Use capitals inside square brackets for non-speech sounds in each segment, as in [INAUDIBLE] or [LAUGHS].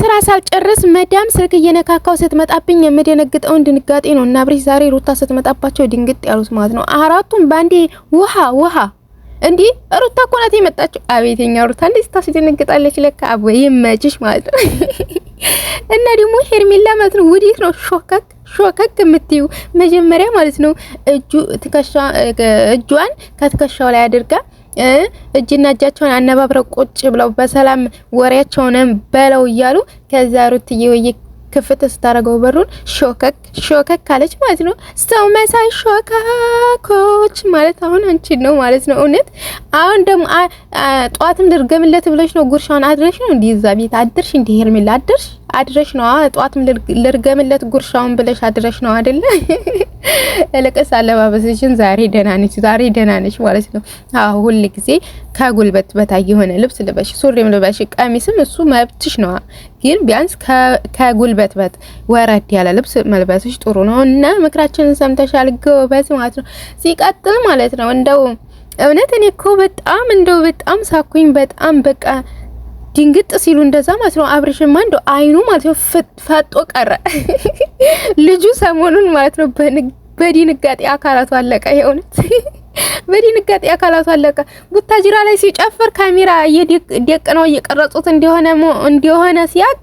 ስራ ሳልጨርስ መዳም ስልክ እየነካካው ስትመጣብኝ የምደነግጠውን ድንጋጤ ነው። እና አብርሽ ዛሬ ሩታ ስትመጣባቸው ድንግጥ ያሉት ማለት ነው። አራቱም ባንዴ ውሃ ውሃ እንዲህ ሩታ እኮ ናት የመጣችው። አቤተኛ ሩታ እንዴት ታስደነግጣለች! ለካ አቦ ይመችሽ ማለት ነው። [LAUGHS] እና ደግሞ ሄርሜላ ማለት ነው ወዴት ነው ሾከክ ሾከክ የምትዩ መጀመሪያ ማለት ነው እጁ ትከሻ እጇን ከትከሻው ላይ አድርጋ እጅና እጃቸውን አነባብረው ቁጭ ብለው በሰላም ወሬያቸውንም በለው እያሉ ከዛ ሩትዬ ክፍት ስታደርገው በሩን ሾከክ ሾከክ ካለች ማለት ነው። ሰው መሳይ ሾከኮች ማለት አሁን አንቺ ነው ማለት ነው። እውነት አሁን ደግሞ ጠዋትም ድርገምለት ብለሽ ነው ጉርሻውን አድረሽ ነው እንዲህ ቤት አድርሽ እንዲህ ሄርሜላ አድርሽ አድረሽ ነው እጧት ልርገምለት ጉርሻውን ብለሽ አድረሽ ነው አይደለ? ለቀስ [LAUGHS] አለባበስሽን ዛሬ ደህና ነች፣ ዛሬ ደህና ነች ማለት ነው። አዎ ሁል ጊዜ ከጉልበት በታይ የሆነ ልብስ ልበሽ፣ ሱሪም ልበሽ፣ ቀሚስም እሱ መብትሽ ነው። ግን ቢያንስ ከጉልበት በት ወረድ ያለ ልብስ መልበስሽ ጥሩ ነው እና ምክራችንን ሰምተሻል ጎበዝ ማለት ነው። ሲቀጥል ማለት ነው እንደው እውነት እኔ እኮ በጣም እንደው በጣም ሳኩኝ በጣም በቃ ድንግጥ ሲሉ እንደዛ ማለት ነው። አብርሽማ እንደው አይኑ ማለት ነው ፈጦ ቀረ። [LAUGHS] ልጁ ሰሞኑን ማለት ነው በድንጋጤ አካላቱ አለቀ። የእውነት [LAUGHS] በድንጋጤ አካላቱ አለቀ። ቡታጅራ ላይ ሲጨፍር ካሜራ እየደቅ ነው እየቀረጹት እንደሆነ እንደሆነ ሲያቅ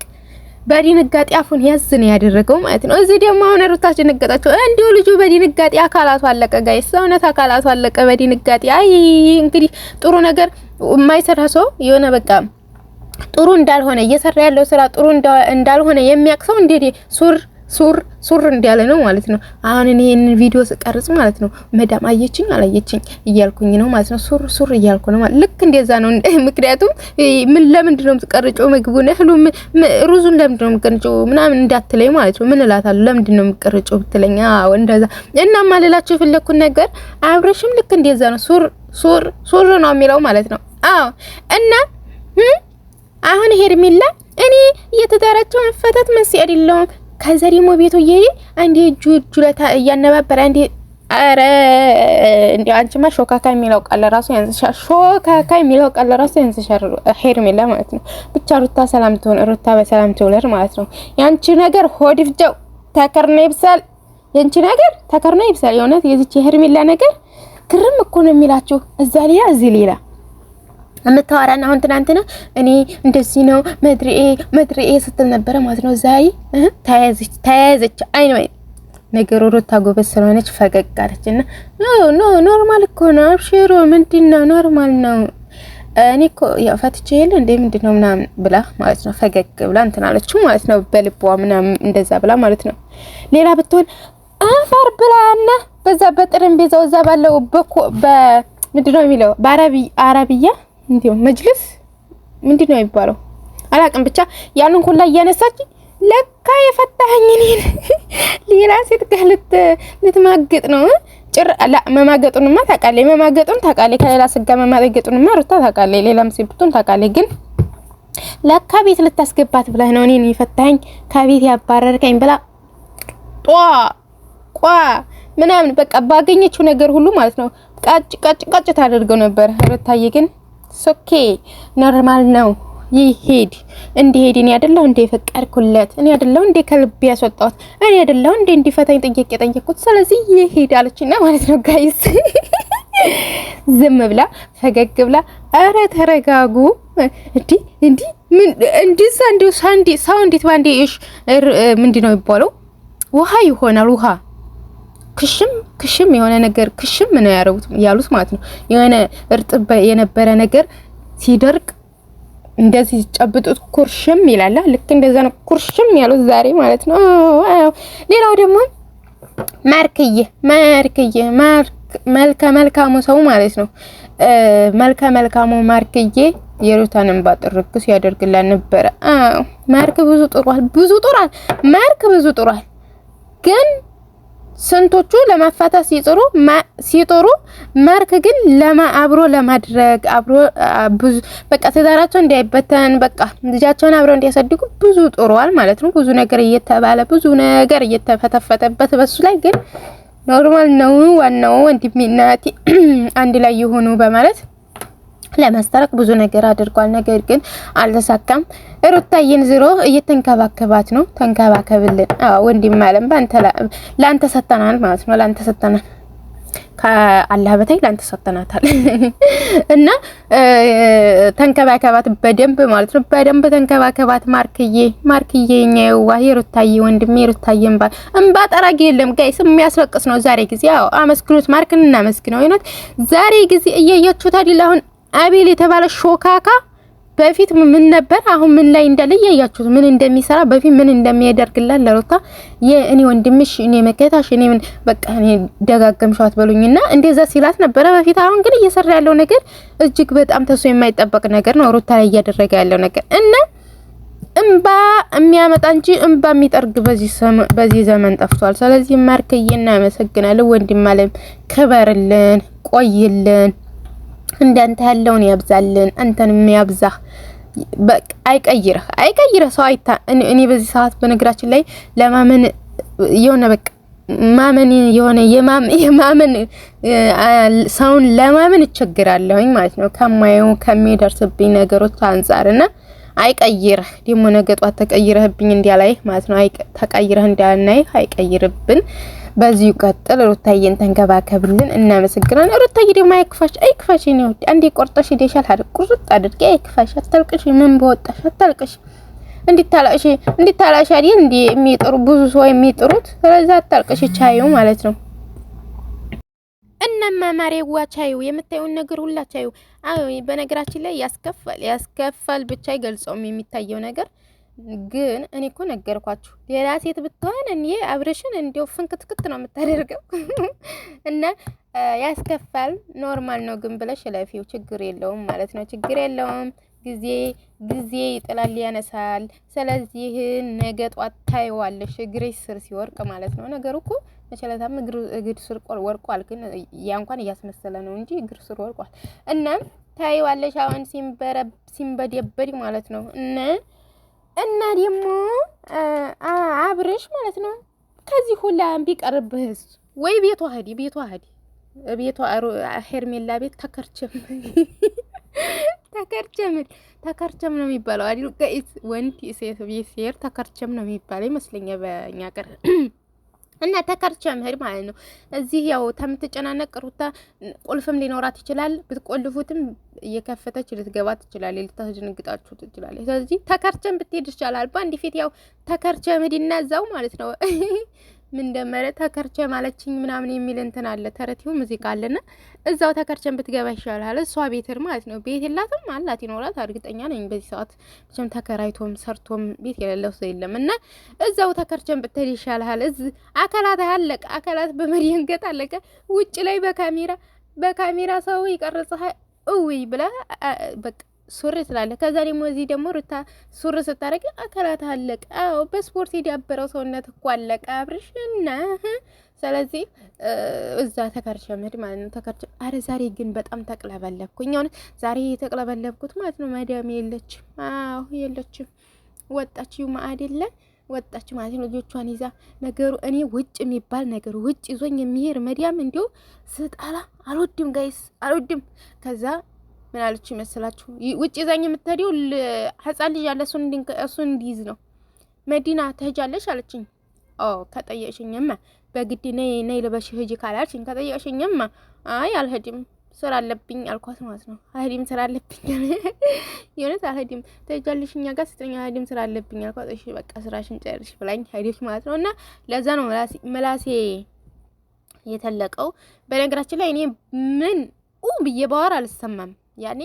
በድንጋጤ አፉን ያዝ ያደረገው ማለት ነው። እዚህ ደግሞ አሁን ሩታ አስደነገጣቸው። እንዲሁ ልጁ በድንጋጤ አካላቱ አለቀ። ጋይ ሰውነት አካላቱ አለቀ በድንጋጤ። አይ እንግዲህ ጥሩ ነገር የማይሰራ ሰው የሆነ በቃ ጥሩ እንዳልሆነ እየሰራ ያለው ስራ ጥሩ እንዳልሆነ የሚያውቅ ሰው እንዴ ሱር ሱር ሱር እንዲያለ ነው ማለት ነው። አሁን እኔ ይሄንን ቪዲዮ ስቀርጽ ማለት ነው መዳም አየችኝ አላየችኝ እያልኩኝ ነው ማለት ነው። ሱር ሱር እያልኩ ነው ማለት ልክ እንደዛ ነው። [LAUGHS] ምክንያቱም ምን ለምንድን ነው የምትቀርጪው? ምግቡን እህሉ ሩዙን ለምንድን ነው የምትቀርጪው? ምናምን እንዳትለኝ ማለት ነው። ምን እላታለሁ? ለምንድን ነው የምትቀርጪው ብትለኝ፣ አዎ እንደዛ እና ማለላችሁ የፈለኩት ነገር አብረሽም ልክ እንደዛ ነው። ሱር ሱር ሱር ነው የሚለው ማለት ነው። አዎ እና አሁን ሄርሜላ እኔ እየተዳራቸው መፈታት መስ አይደለውም። ከዛ ደግሞ ቤቱ እየሄደ አንዴ እጁ እጁ ላይ እያነባበረ አንዴ አረ እንዴ አንቺማ ሾካካ የሚለው ቃል ለራሱ ያንስሻል። ሾካካ የሚለው ቃል ራሱ ያንስሻል ሄርሜላ ማለት ነው። ብቻ ሩታ ሰላም ትሆን፣ ሩታ በሰላም ትውለድ ማለት ነው። ያንቺ ነገር ሆድ ፍጀው ተከርነ ይብሳል። ያንቺ ነገር ተከርነ ይብሳል። የእውነት የዚች የሄርሜላ ነገር ክርም እኮ ነው የሚላችሁ እዛ ሌላ እዚህ ሌላ የምታወራና አሁን ትናንትና እኔ እንደዚህ ነው መድርኤ መድርኤ ስትል ነበረ ማለት ነው። ዛይ ተያያዘች ተያያዘች። አይን ወይ ነገሩ ሩታ ጎበዝ ስለሆነች ፈገግ አለች። እና ኖ ኖ ኖርማል እኮ ነው አብሽሮ ምንድን ነው ኖርማል ነው። እኔ እኮ ያው ፈትቼ የለ እንዴ ምንድን ነው ምናምን ብላ ማለት ነው። ፈገግ ብላ እንትን አለችው ማለት ነው። በልቧ ምናምን እንደዛ ብላ ማለት ነው። ሌላ ብትሆን አፈር ብላና በዛ በጠረጴዛው እዛ ባለው በኮ በምንድን ነው የሚለው በአረብያ እንዴው መጅልስ ምንድን ነው የሚባለው? አላቅም ብቻ ያንን ሁላ እያነሳች ለካ የፈታኸኝ እኔን [LAUGHS] ሌላ ሴት ጋር ልትማገጥ ነው። ጭር አላ መማገጡንማ ታውቃለች፣ መማገጡን ታውቃለች፣ ከሌላ ስጋ መማገጡንማ ሩታ ታውቃለች፣ ሌላም ሴት ብትሆን ታውቃለች። ግን ለካ ቤት ልታስገባት ብለህ ነው እኔን የፈታኸኝ ከቤት ያባረርከኝ ብላ ጧ ቋ ምናምን በቃ ባገኘችው ነገር ሁሉ ማለት ነው ቀጭ ቀጭ ቀጭ ታደርገው ነበር። ሩታዬ ግን ሶኬ ኖርማል ነው። ይሄድ እንዲሄድ እኔ አይደለሁ እንዴ የፈቀድኩለት? እኔ አይደለሁ እንዴ ከልቤ ያስወጣሁት? እኔ አይደለሁ እንዴ እንዲፈታኝ ጥያቄ ጠየቅኩት? ስለዚህ ይሄድ አለችና ማለት ነው ጋይስ [LAUGHS] ዝም ብላ ፈገግ ብላ አረ ተረጋጉ። እንዲ እንዲ እንዲዛ እንዲው ሳንዲ ሳው እንዴት ባንዴ እሽ ምንድነው የሚባለው? ውሃ ይሆናል ውሃ ክሽም ክሽም የሆነ ነገር ክሽም ነው ያሉት ማለት ነው። የሆነ እርጥብ የነበረ ነገር ሲደርቅ እንደዚህ ጨብጡት ኩርሽም ይላል። ልክ እንደዛ ነው ኩርሽም ያሉት ዛሬ ማለት ነው። ሌላው ደግሞ ማርክዬ ማርክዬ ማርክ መልከ መልካሙ ሰው ማለት ነው። መልከ መልካሙ ማርክዬ የሩታን እንባ ጥርግ ሲያደርግላት ነበረ። ማርክ ብዙ ጥሯል፣ ብዙ ጥሯል፣ ማርክ ብዙ ጥሯል ግን ስንቶቹ ለማፋታት ሲጥሩ ሲጥሩ ማርክ ግን ለማ አብሮ ለማድረግ አብሮ ብዙ በቃ ትዳራቸው እንዳይበተን በቃ ልጃቸውን አብረው እንዲያሳድጉ ብዙ ጥሯል ማለት ነው። ብዙ ነገር እየተባለ ብዙ ነገር እየተፈተፈተበት በሱ ላይ ግን ኖርማል ነው ዋናው ወንድሜ እናቴ [CLEARS THROAT] አንድ ላይ የሆኑ በማለት ለማስታረቅ ብዙ ነገር አድርጓል። ነገር ግን አልተሳካም። ሩታዬን ዝሮ እየተንከባከባት ነው። ተንከባከብልን። አዎ ወንድም አለም ባንተ ላንተ ሰጠናል ማለት ነው። ላንተ ሰጠናል ከአላህ በታይ ላንተ ሰጠናታል [LAUGHS] እና ተንከባከባት በደንብ ማለት ነው። በደንብ ተንከባከባት ማርክዬ፣ ማርክዬ እኛ የዋህ ሩታዬ ወንድሜ፣ ሩታዬ እንባ እንባ ጠራጊ የለም ጋይስ፣ የሚያስለቅስ ነው ዛሬ ጊዜ። አዎ አመስግኑት፣ ማርክን እናመስግነው። ይነት ዛሬ ጊዜ እያያችሁት አይደል አሁን አቤል የተባለ ሾካካ በፊት ምን ነበር፣ አሁን ምን ላይ እንዳለ እያያችሁት፣ ምን እንደሚሰራ በፊት ምን እንደሚያደርግላት ለሩታ የእኔ ወንድምሽ፣ እኔ መከታሽ፣ እኔ ምን በቃ እኔ ደጋገምሽ በሉኝና እንደዛ ሲላት ነበረ በፊት። አሁን ግን እየሰራ ያለው ነገር እጅግ በጣም ተሶ የማይጠበቅ ነገር ነው፣ ሩታ ላይ እያደረገ ያለው ነገር እና እምባ የሚያመጣ እንጂ እምባ የሚጠርግ በዚህ ዘመን ጠፍቷል። ስለዚህ ማርክዬ እናመሰግናለን፣ ወንድም አለም ክበርልን፣ ቆይልን። እንዳንተ ያለውን ያብዛልን፣ አንተንም ያብዛህ። በቃ አይቀይርህ አይቀይርህ። ሰው አይታ እኔ በዚህ ሰዓት በነገራችን ላይ ለማመን የሆነ በቃ ማመን የሆነ የማመን ሰውን ለማመን እቸግራለሁኝ ማለት ነው ከማየው ከሚደርስብኝ ነገሮች አንጻርና አይቀይርህ ደግሞ ነገ ጧት ተቀይረህብኝ እንዲያላይህ ማለት ነው። ተቀይረህ እንዲያናይህ አይቀይርብን። በዚሁ ቀጥል። ሩታዬን ተንከባከብልን። እናመሰግናለን። ሩታዬ ደግሞ አይክፋሽ፣ አይክፋሽ። ነው ወዲ አንዴ ቆርጠሽ ሄደሻል አይደል? ቁርጥ አድርጊ። አይክፋሽ፣ አታልቅሽ። ምን በወጣሽ አታልቅሽ። እንዲታላሽ እንዲታላሽ አይደል? እንዴ የሚጥሩ ብዙ ሰው የሚጥሩት ስለዚህ አታልቅሽ። ቻዩ ማለት ነው። እናማ ማሬዋ ቻዩ፣ የምታዩን ነገር ሁላ ቻዩ። አይ በነገራችን ላይ ያስከፋል፣ ያስከፋል ብቻ አይገልጸውም የሚታየው ነገር ግን እኔ እኮ ነገርኳችሁ፣ ሌላ ሴት ብትሆን እኔ አብረሽን እንዲው ፍንክትክት ነው የምታደርገው [LAUGHS] እና ያስከፋል። ኖርማል ነው ግን ብለሽ ለፊው ችግር የለውም ማለት ነው። ችግር የለውም ጊዜ ጊዜ ይጥላል ያነሳል። ስለዚህ ነገ ጧት ታይዋለሽ እግርሽ ስር ሲወርቅ ማለት ነው። ነገሩ እኮ መቸለታም እግር ስር ወርቋል፣ ግን ያ እንኳን እያስመሰለ ነው እንጂ እግር ስር ወርቋል እና ታይዋለሽ አሁን ሲንበረብ ሲንበደበድ ማለት ነው እና እና ደግሞ አብርሽ ማለት ነው ከዚህ ሁላ ቢቀርብህስ ወይ ቤቷ ሂድ ቤቷ ሂድ ቤቷ ሄርሜላ ቤት ተከርቸም [LAUGHS] ተከርቸም ተከርቸም ነው የሚባለው አይደል? ወንድ ሴት ቤት ሲሄድ ተከርቸም ነው የሚባለው ይመስለኛል በእኛ ሀገር [CLEARS THROAT] እና ተከርቸ ምህር ማለት ነው። እዚህ ያው ተምትጨናነቅ ሩታ ቁልፍም ሊኖራት ይችላል። ብትቆልፉትም እየከፈተች ልትገባ ትችላል። ልታስደነግጣችሁ ትችላል። ስለዚህ ተከርቸም ብትሄድ ይቻላል። በአንድ ፊት ያው ተከርቸ ምህድና እዛው ማለት ነው [LAUGHS] ምን ደመረ ተከርቸ ማለችኝ ምናምን የሚል እንትን አለ ተረቲው ሙዚቃ አለና እዛው ተከርቸን ብትገባ ይሻላል። እሷ ቤትር ማለት ነው ቤት የላትም አላት ይኖራት እርግጠኛ ነኝ በዚህ ሰዓት ብቻም ተከራይቶም ሰርቶም ቤት የሌለው ሰው የለም። እና እዛው ተከርቸን ብትሄድ ይሻላል። እዚ አካላት አለቀ አካላት በመደንገጥ አለቀ። ውጭ ላይ በካሜራ በካሜራ ሰው ይቀርጽሃል እውይ ብላ በቃ ሱሪ ትላለህ። ከዛ ደግሞ እዚህ ደግሞ ሩታ ሱሪ ስታደርግ አካላት አለቀ። አዎ በስፖርት የዳበረው ሰውነት እኮ አለቀ አብርሽና ስለዚህ እዛ ተከርሸመድ ማለት ነው። ተከርቸ። አረ ዛሬ ግን በጣም ተቅለበለብኩኝ። አሁን ዛሬ የተቅለበለብኩት ማለት ነው። መዳም የለችም። አዎ የለችም። ወጣች ዩማ አይደለ ወጣች ማለት ነው። ልጆቿን ይዛ ነገሩ እኔ ውጭ የሚባል ነገር ውጭ ይዞኝ የሚሄድ መዲያም እንዲሁ ስጣላ አልወድም፣ ጋይስ አልወድም። ከዛ ምን አለች ይመስላችሁ? ውጭ ይዛኝ የምትሄደው ህፃን ልጅ ያለ እሱን እንዲይዝ ነው። መዲና ትሄጃለሽ አለችኝ። ኦ ከጠየቅሽኝማ በግድ ነይ ነይ ልበሽ ሂጂ ካላልሽኝ ከጠየቅሽኝማ አይ አልሄድም ስራ አለብኝ አልኳት ማለት ነው። አልሄድም ስራ አለብኝ [LAUGHS] የእውነት አልሄድም። ትሄጃለሽ እኛ ጋር ስትለኝ አልሄድም ስራ አለብኝ አልኳት። እሺ በቃ ስራሽን ጨርሽ ብላኝ ሄደች ማለት ነው። እና ለዛ ነው መላሴ የተለቀው። በነገራችን ላይ እኔ ምን ኡ ብዬ ባወራ አልሰማም ያኔ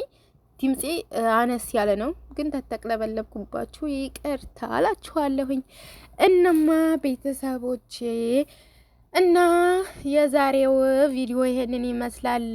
ድምፄ አነስ ያለ ነው፣ ግን ተጠቅለበለብኩባችሁ ይቅርታ አላችኋለሁኝ። እናማ ቤተሰቦቼ እና የዛሬው ቪዲዮ ይሄንን ይመስላል።